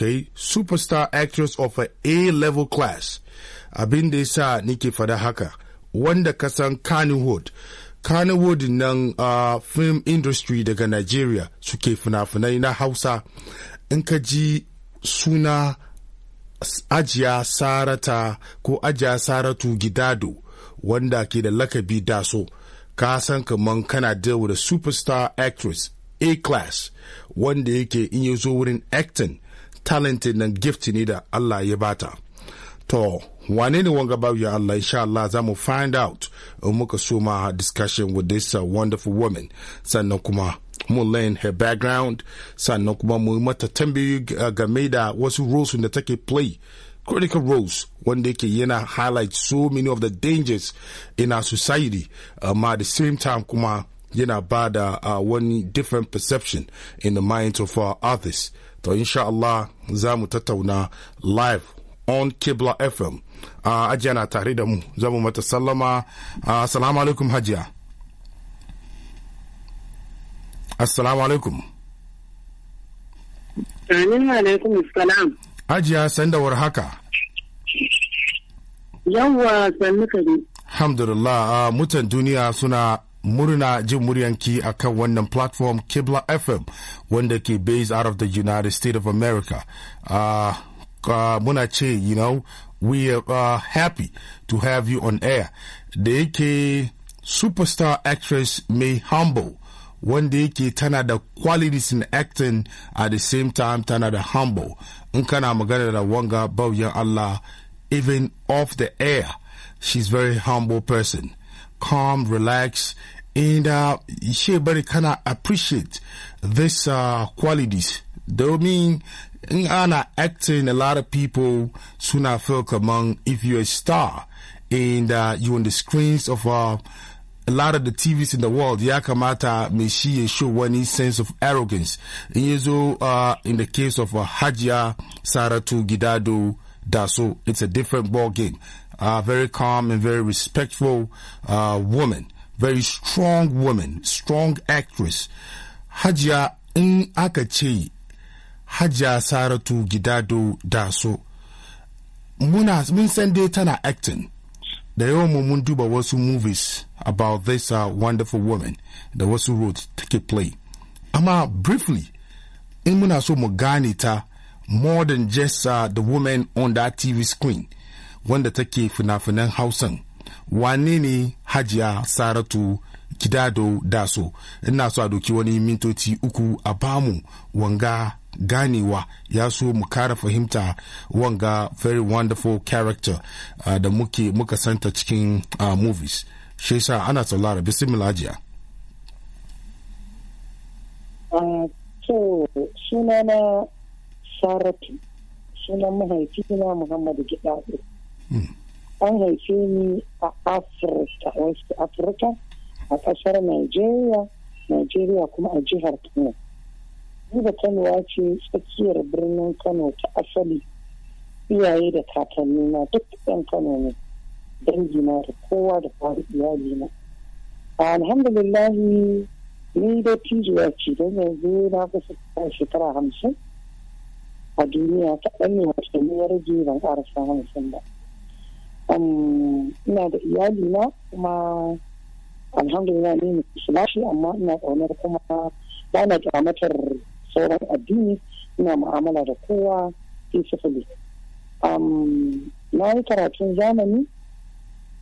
kai superstar actress of a A-level class abin da ya nike fada haka wanda ka kasan Kannywood Kannywood nan uh, film industry daga Nigeria suke fina-finai na Hausa in ka ji suna ajiya sarata ko ajiya saratu gidado wanda ke da lakabi daso ka san kaman kana da superstar actress A-class wanda yake in yi zo wurin acting Talented and gifted, ne da Allah ya bata to wane ne wanga ya Allah insha Allah za mu find out in muka discussion with this uh, wonderful woman sannan kuma mu learn her background sannan kuma mu mata tambayi uh, game da wasu roles da take play critical roles wanda yake yena highlight so many of the dangers in our society amma at the same time kuma yana ba da uh, different perception in the minds of our uh, others to insha Allah za mu tattauna live on Kibla FM. Uh, Ajiya na tare da mu, za mu mata sallama. Uh, Assalamu alaikum hajiya. Assalamu alaikum. Amin alaikum salam. ajiya sanda war haka. Yawwa sannu kare. Alhamdulillah uh, mutan duniya suna murna jin muryanki a kan wannan platform Kibla FM wanda ke based out of the United States of America. Uh, uh, muna ce, you know, we are uh, happy to have you on air. Da yake superstar actress May Humble wanda yake tana da qualities in acting at the same time tana da humble. In kana magana da wanga bauyan Allah even off the air. She's very humble person calm, relaxed, and uh, she everybody kind of appreciate these uh, qualities. Though mean, ana acting, a lot of people soon I feel come on. if you're a star and uh, you on the screens of uh, a lot of the TVs in the world, Yakamata a show one sense of arrogance. Yezo, uh, in the case of uh, Hajia Saratu Gidado Daso, it's a different ball game. uh, very calm and very respectful uh, woman, very strong woman, strong actress. hajia in aka ce Hajiya Saratu Gidado Daso. Muna mun san dai tana acting. Da yawan mu mun duba wasu movies about this uh, wonderful woman da wasu roles take play. Amma briefly, in muna so mu gane ta more than just uh, the woman on that TV screen. wanda take fina-finan hausan wane ne hajiya saratu kidado daso ina so a doki wani mintoci uku a bamu wanga ganewa ya so mu kara fahimta wanga very wonderful character uh, da muke muka santa cikin uh, movies shi yasa ana saulara bismillah hajiya uh, to so sunana saratu suna mahaifi na muhammadu gidado an haife ni a afirka west africa a kasar nigeria nigeria kuma a jihar kano ni da kanuwa ce tsakiyar birnin kano ta asali iyaye da kakanni na duk yan kano ne dangina da kowa da faru iyali na alhamdulillahi ni da tijuwa ce don yanzu na kusa shekara hamsin a duniya ta ɗan ne wata ne ya ban hamsin ba ina da iyali na kuma alhamdulillah ne amma ina ƙaunar kuma ba na kyamatar sauran addini ina mu'amala da kowa fi sifili na yi karatun zamani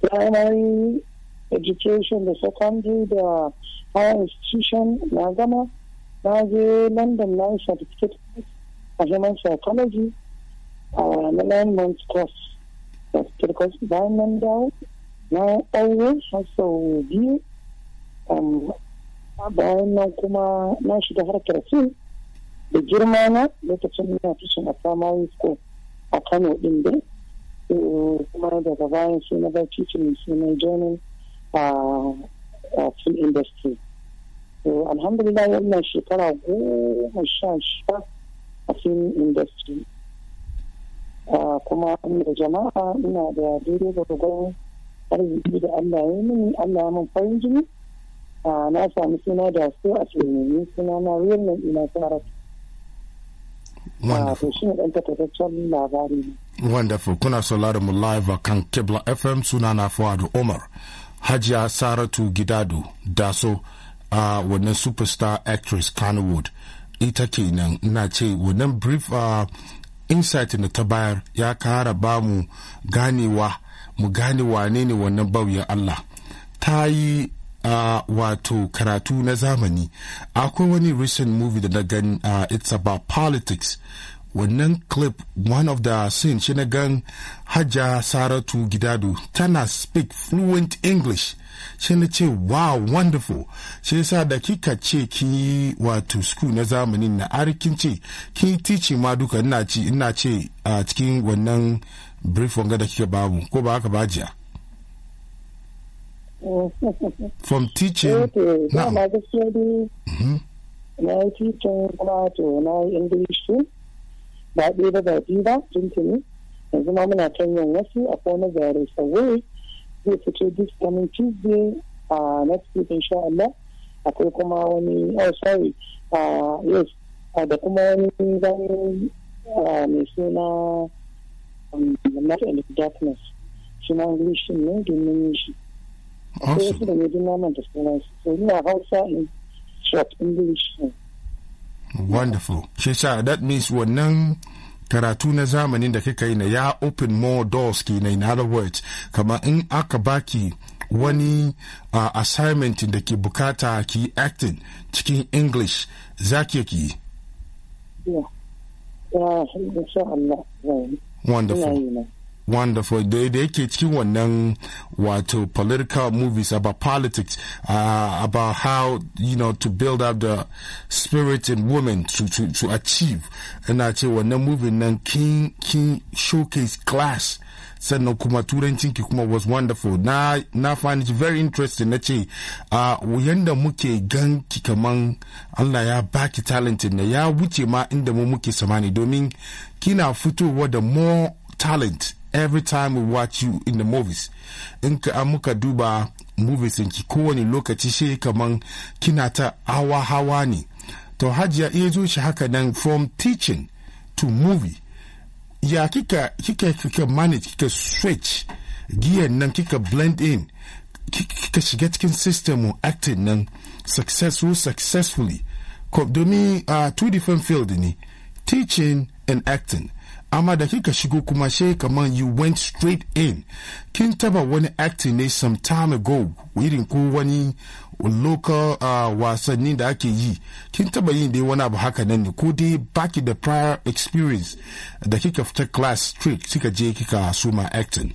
primary education da secondary da higher institution na gama na je london na yi certificate a zaman psychology a uh, na nine months course kirkos bayan nan dawo na aure har sau biyu bayan nan kuma na shiga harkar fim da girma na lokacin na tushen a primary school a kano din da kuma daga bayan sai na bar titin sunan joinin a film industry alhamdulillah wannan shekara goma sha sha a film industry kuma da jama'a ina da daidai gwagwagon arziki da Allah ya mini Allah ya min farin jini na samu suna da su a tsunami suna na real name ina tsara Wonderful. Shi ne ɗan takaitaccen labari. Wonderful. Kuna sauraron mu live a kan Kibla FM suna na Fuadu omar Hajiya Saratu Gidado Daso a uh, wannan superstar actress Kannywood. Ita kenan na ce wannan brief uh, insight da ta bayar ya kara ba mu ganewa mu gane wane ne wannan bauyin Allah ta yi wato karatu na zamani akwai wani recent movie da na gani uh, it's about politics wannan clip one of the scene shi na gan hajja saratu gidado tana speak fluent english shi na ce wow wonderful shi yasa da kika ce ki wato school na zamanin na arikin ce ki tici ma duka ina ce ina ce a cikin wannan brief wanga da kika bamu ko ba haka ba jiya from teaching eh, na ma gaskiya dai mm-hmm. na yi teaching kuma to na yi english ba ɗaya ba ba biyu ba tuntuni yanzu ma muna kan yin wasu a kone gare sauwai zai fito this coming tuesday a next week insha Allah akwai kuma wani oh sorry uh, yes da kuma wani bayan mai suna the um, Night and the Darkness shi ma English ne domin shi sai wasu da ne dinaman da sunan su na Hausa in short English ne wonderful Shisha. that means wannan karatu na zamanin da kika yi na ya open more doors kenan in other words kama in aka baki wani uh, assignment da ke bukata ki acting cikin english za ki ki yeah. wonderful wonderful da da yake cikin wannan wato political movies about politics uh, about how you know to build up the spirit in women to to, to achieve ina ce wannan movie nan kin kin showcase class sannan kuma turancin ki kuma was wonderful na na find it very interesting na ce uh, yanda muke gan ki kaman Allah ya baki talentin na ya wuce ma inda mu muke samani domin kina fitowa da more talent every time we watch you in the movies in ka muka duba movies ki kowane lokaci shi kaman kina ta hawa hawa ne to hajiya iya zuci shi haka nan from teaching to movie ya kika kika kika manage kika switch giyan nan kika blend in kika shiga cikin system acting nan successful successfully domin uh, two different field ne teaching and acting amma da kika shigo kuma she kaman you went straight in kin taba wani acting ne some time ago irin ko wani local uh, wasanni da ake yi kin taba yin dai wani abu haka nan ne ko dai in the prior experience da kika fita class straight kika je kika suma acting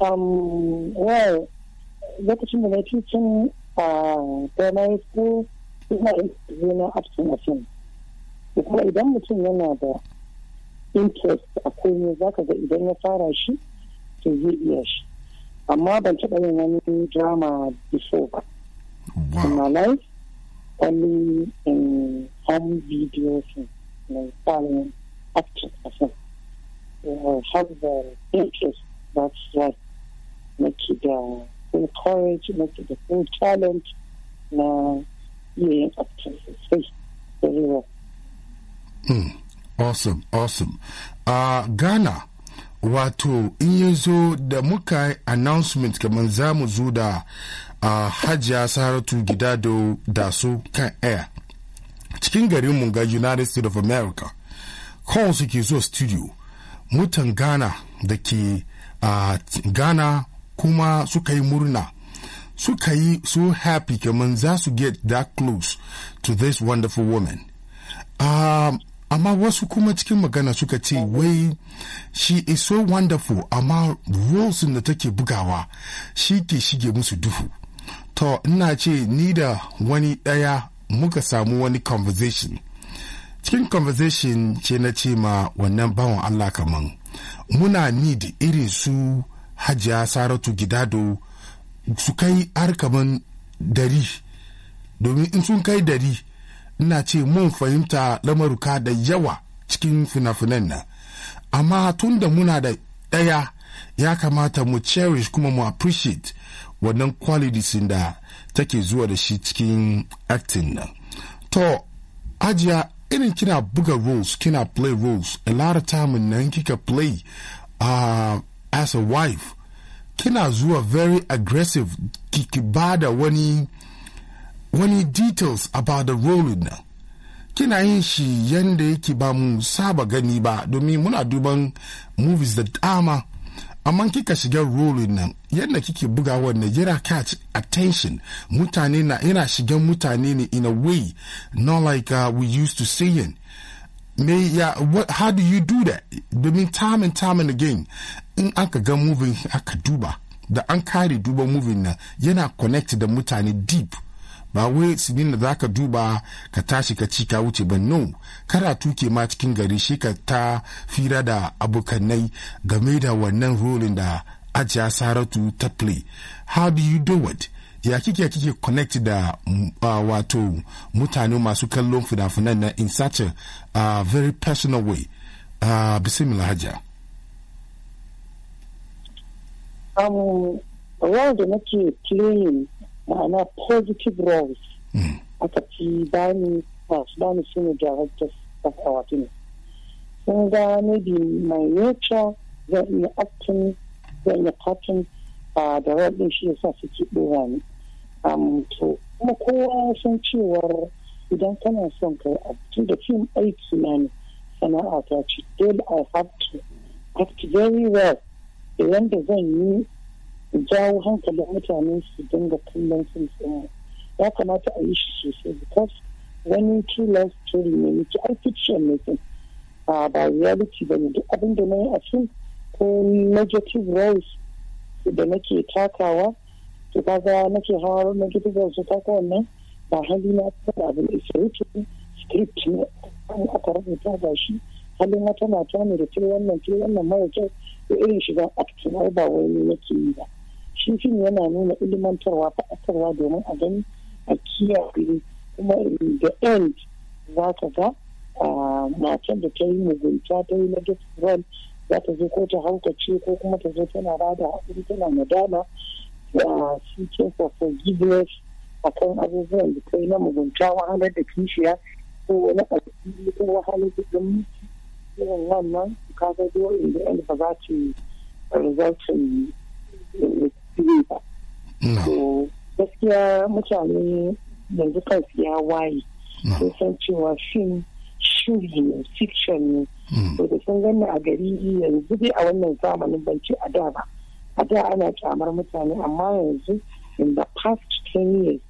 um well lokacin da na cikin uh, primary school ina yin acting a to kuma idan mutum yana da interest a komai za ga idan ya fara shi to zai iya shi amma ban taɓa yin wani drama before ba in my life only in home videos like talent acting a film I have the interest that's what make the uh, full courage make the full talent na iya yin acting sosai Mm, awesome, awesome. A uh, Ghana, wato in ya zo da muka announcement kamar za mu zo da uh, hajiya saratu gida da su kan air. Cikin garin mu ga United States of America, kawai suke zo studio, mutan Ghana da ke uh, Ghana kuma suka yi murna. Suka yi so happy kamar za su get that close to this wonderful woman. Ah, amma wasu kuma cikin magana suka ce wai she is so wonderful amma rules da take bugawa shi ke shige musu duhu to ina ce ni da wani ɗaya muka samu wani conversation cikin conversation ce na ce ma wannan bawan Allah kaman muna need irin su hajiya saratu gidado su kai har kaman dari domin in sun kai dari ina ce mun fahimta lamaruka da yawa cikin fina-finan nan amma tun da muna da ɗaya ya kamata mu cherish kuma mu appreciate wannan qualities da take zuwa da shi cikin acting nan to ajiya irin kina buga roles kina play roles a lot of time nan kika play uh, as a wife kina zuwa very aggressive kiki ba da wani wani details about the rolling nan kina yin shi yanda yake ba mu saba gani ba domin muna duban movies da dama amma kika shiga rolling nan yadda kike buga na yana catch attention mutane na yana shiga mutane ne in a way not like uh, we used to seeing me ya what how do you do that domin time and time and again in aka ga moving aka duba da an kare duba moving nan yana connect da mutane deep ba wai sinin da za ka duba ka tashi ka ci ka wuce ba no karatu ke ma cikin gari shi ka ta fira da abokanai game da wannan rolin da ajiya saratu ta play how do you do it ya kike kike connect da uh, wato mutane masu kallon fina-finan na in such a uh, very personal way uh, bismillah hajja um, role nake playing ma'ana positive roles hmm. aka ci bani masu bani su ne directors of our team sun ga maybe my nature zan iya acting zan iya cutting da role shi sa suke ɗora ni to kuma kowa san cewar idan kana son kai abu da fim aiki na ne sana'a ta ce dole i have to act very well idan zan yi jawo hankalin mutane su dinga kullum sun tsaye ya kamata a yi shi sosai because wani true life story ne ni ai fiction ne fim a ba reality ba ne duk abin da na yi a fim ko negative roles da nake takawa to kaga nake hawa negative roles da wannan ba hali na da abin da ke script ne aka rubuta ba shi halin wata mata ne da ke wannan ke wannan mara kyau da irin shiga acting ba wani nake yi ba shi ne yana nuna ilimantarwa faɗakarwa domin a gani a kiyaye kuma da end za ka ga macen da ta yi mugunta ta yi na rol za ta zo ko ta haukace ko kuma ta zo tana rada haƙuri tana nadama da seeking for forgiveness a kan abubuwan da ta yi na mugunta wahalar da kishiya ko wani ƙarfi ko wahalar da ɗan irin wannan ka ga dole da ba za ta yi resulting eh, yin ba. To gaskiya mutane yanzu kansu ya waye. Sun san cewa fim shiri ne, fiction ne. To mm. da sun ganna a gari yanzu dai a wannan zamanin ban ce a da ba. A da ana kyamar mutane amma yanzu in the past ten years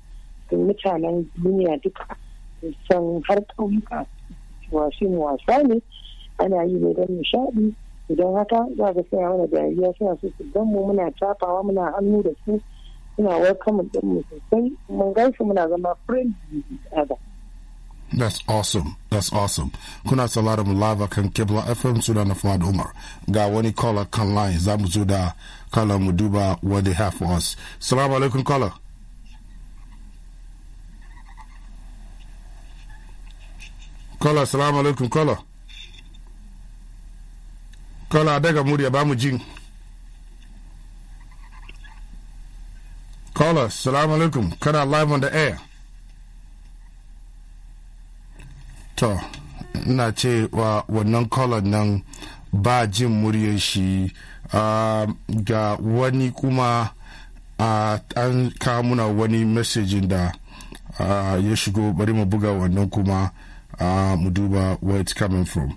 mutanen duniya duka san har ƙauyuka wasu wasa ne ana yi ne don nishaɗi idan haka za ga suna mana dariya suna so su gan mu muna tafawa muna hannu da su suna welcome din mu sosai mun gan muna zama friend with That's awesome. That's awesome. Kuna sauraron live kan Kibla FM suna na Fuad Umar. Ga wani caller kan line za mu zo da kala mu duba what they have for us. Salamu alaikum caller. Caller, salamu alaikum caller. kola daga murya ba mu jin kola salamu alaikum kana live on the air to ina ce wa wannan kola nan ba jin muryar shi ah, ga wani kuma an kamuna wani mesejin da ah, ya shigo bari mu buga wannan kuma ah, mu duba where it's coming from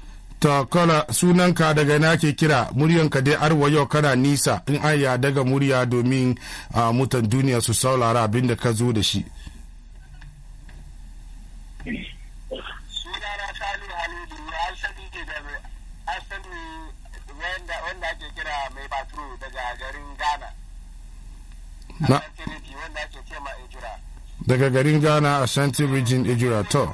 ta sunanka daga na ke kira muryanka dai arwa yau kana nisa in an ya daga murya domin mutan duniya su saulara abin da ka zo da shi daga garin ghana daga garin ghana a shantin region ijira to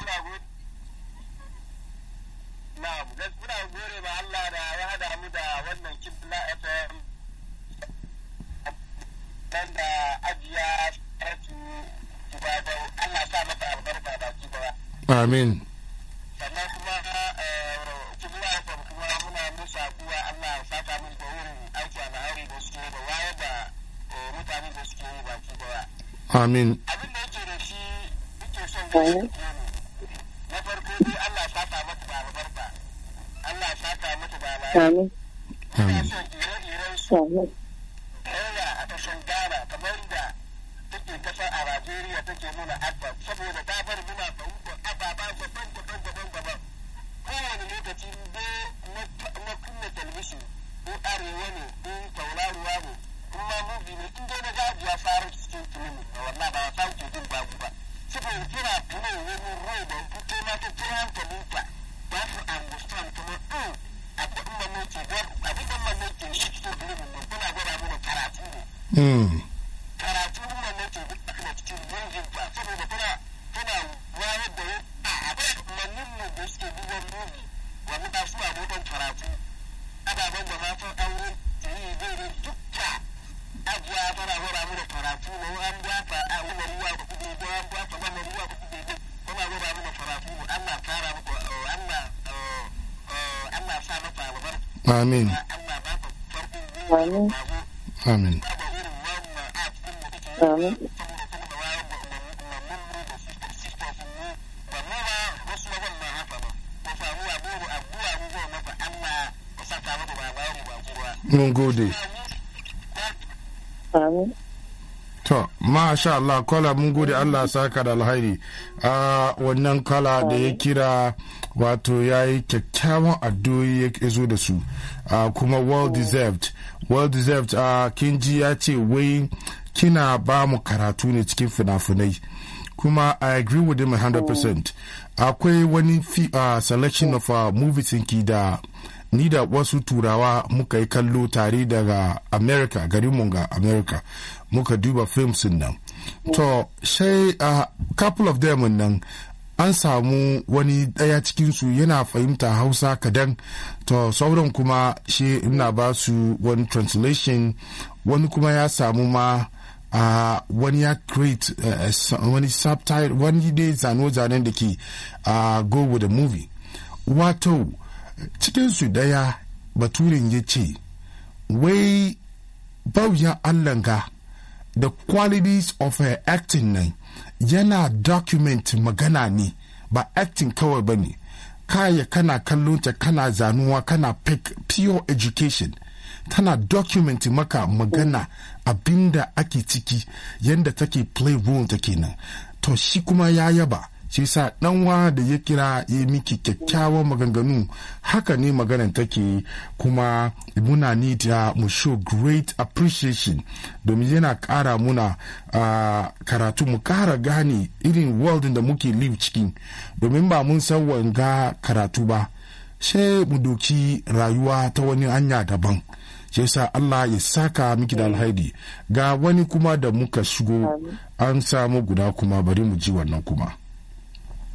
amin sannan eh, muna musa kuwa Allah ya saka da wurin aiki amin amin amin in dai na zaɓi ya fara cikin ilimin na wallah ba ya fara cikin babu ba saboda tana tana wani rai da fito ma ta kira hankalin ta ba su understand kuma in abin da nake ba abin da nake shi cikin ilimin na kuna gwada mana karatu ne. Hmm. karatu da nake duk da cikin yankin ta saboda tana tana wayar da a abin mannin mu da suke duban nuni wani ba su abokan karatu ababen da matan Amin. Amin. Mun gode. To, masha Allah, kola mun gode Allah saka da alhairi. A wannan kala da ya kira wato ya yi kyakkyawan addu'o'i ya zo da su. uh, kuma well deserved well deserved uh, ji ya ce wai kina ba mu karatu ne cikin finafinai kuma i agree with him 100% akwai wani uh, selection of uh, movies ki da ni da wasu turawa muka yi kallo tare daga america garinmu ga america muka duba films nan to sai a couple of them nan an samu wani ɗaya cikinsu yana fahimta hausa kadan to sauran kuma shi ina ba su wani translation wani kuma ya samu ma a wani ya create eh, eh, wani subtitle wani dai zano-zanen da ke a go with the movie wato cikinsu daya baturin ya ce wai bauyan allanka the qualities of her acting nan yana document magana ne ba acting kawai ba ne kaya kana kallon ta kana zanuwa kana pure education tana document maka magana abinda ake ciki yadda take play role ta kenan to shi kuma ya yaba shi sa ɗanwa da ya kira ya miki kyakkyawan maganganu haka ne maganan take kuma muna da mu show great appreciation domin yana ƙara muna uh, karatu mu kara gane irin world da muke live cikin domin ba mun san wanga karatu ba sai mu doki rayuwa ta wani hanya daban shi sa Allah ya saka miki da alhaidi ga wani kuma da muka shigo an samu guda kuma bari mu ji wannan kuma.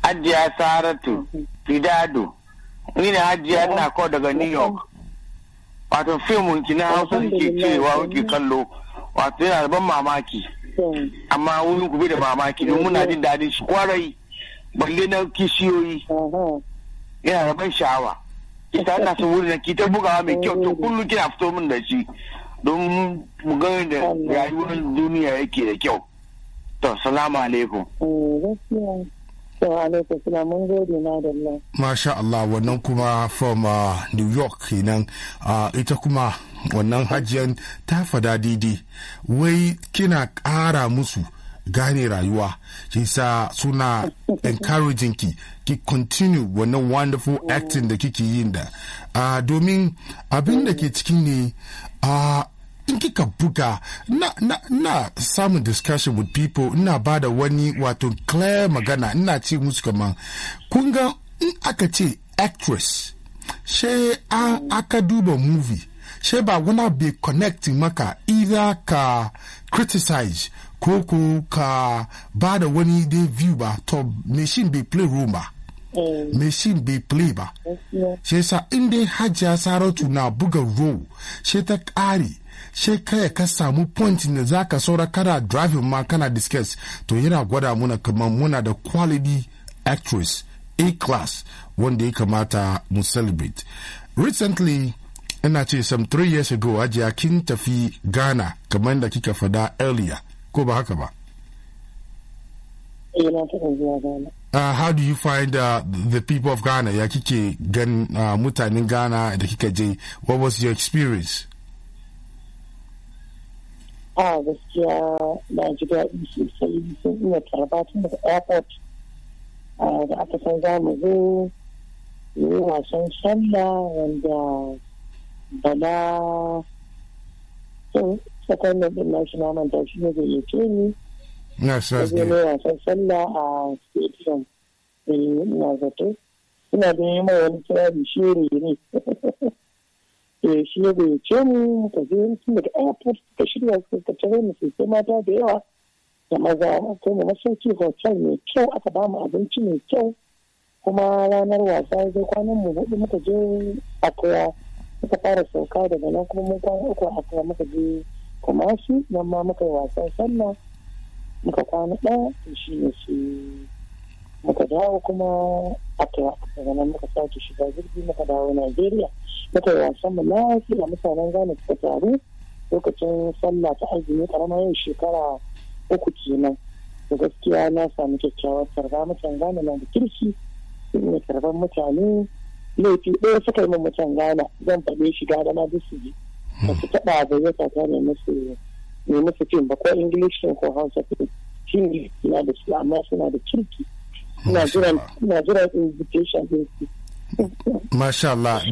hajiya saratu fidado mm-hmm. ni ne hajiya oh. na ko daga new york wato fimin nke na hausa oh, nke cewa kuke mm-hmm. kallo wato yana da ban mamaki mm. amma wurin ku da mamaki don muna jin mm-hmm. daɗin shi kwarai balle na kishiyoyi yana da ban sha'awa kita ina son wurin ki ta bugawa mai kyau to kullum kina fito min da shi don mu ga da rayuwar duniya yake da kyau to salamu alaikum Masha Allah wannan kuma from uh, New York kenan uh, ita kuma wannan hajiyan ta fada didi wai kina ƙara musu gane rayuwa sa suna encouraging ki ki continue wannan wonderful acting da kike yin da uh, domin abin da ke cikin ne uh, in kika buga na, na, samun discussion with people ina ba da wani wato clear magana ina ce musu kaman kun ga in aka ce actress she an aka duba movie she ba wani bai connect maka either ka criticize ko ko ka ba da wani dey view ba to machine bai play role ba eh. machine bai play ba shi yasa in dai hajiya saratu na buga role she ta ƙare sai kai ka samu point da za ka saura kana driving ma kana discuss to yana gwada muna kamar muna da quality actress a class wanda ya kamata mu celebrate recently ina ce some three years ago ajiya kin tafi ghana kamar da kika fada earlier ko ba haka ba eh, Uh, how do you find uh, the people of Ghana? Ya kike gan uh, mutanen Ghana da kika je? What was your experience? a gaskiya na ji daɗi sosai sun iya tarba tun daga airport da aka san za mu zo yi wasan sallah wanda bala sun sakwanin ɗin nashi na da shi ne da yake ni na sas ne wasan sallah a stadium da eh, yi na zato ina da yi mai wani kira da shiri ne to eh, shi ya gayyace mu muka je tun daga airport suka shirya ka tare mu sai mata da yawa da maza ko mu masauki hotel mai kyau aka ba mu abinci mai kyau kuma ranar wasa ya zai kwanan mu hudu muka je akwa muka fara sauka daga nan kuma mun kwana uku akwa muka je shi nan ma muka yi wasan sallah muka kwana ɗaya shi ne shi muka dawo kuma akewa daga nan muka sake shiga jirgi muka dawo najeriya muka wasan mu lafiya mutanen gane suka taru lokacin sallah ta azumi karama yau shekara uku kenan da gaskiya na samu kyakkyawar sarga mutan gane na da kirki sun yi sarban mutane laifi ɗaya suka yi min mutan gane zan faɗe shi da na duk su ji ba su taɓa gayyata ta ne musu ne musu fim ba ko Ingilishin ko hausa fim shi ne suna da su amma suna da kirki ina jiran invitation Masha Allah.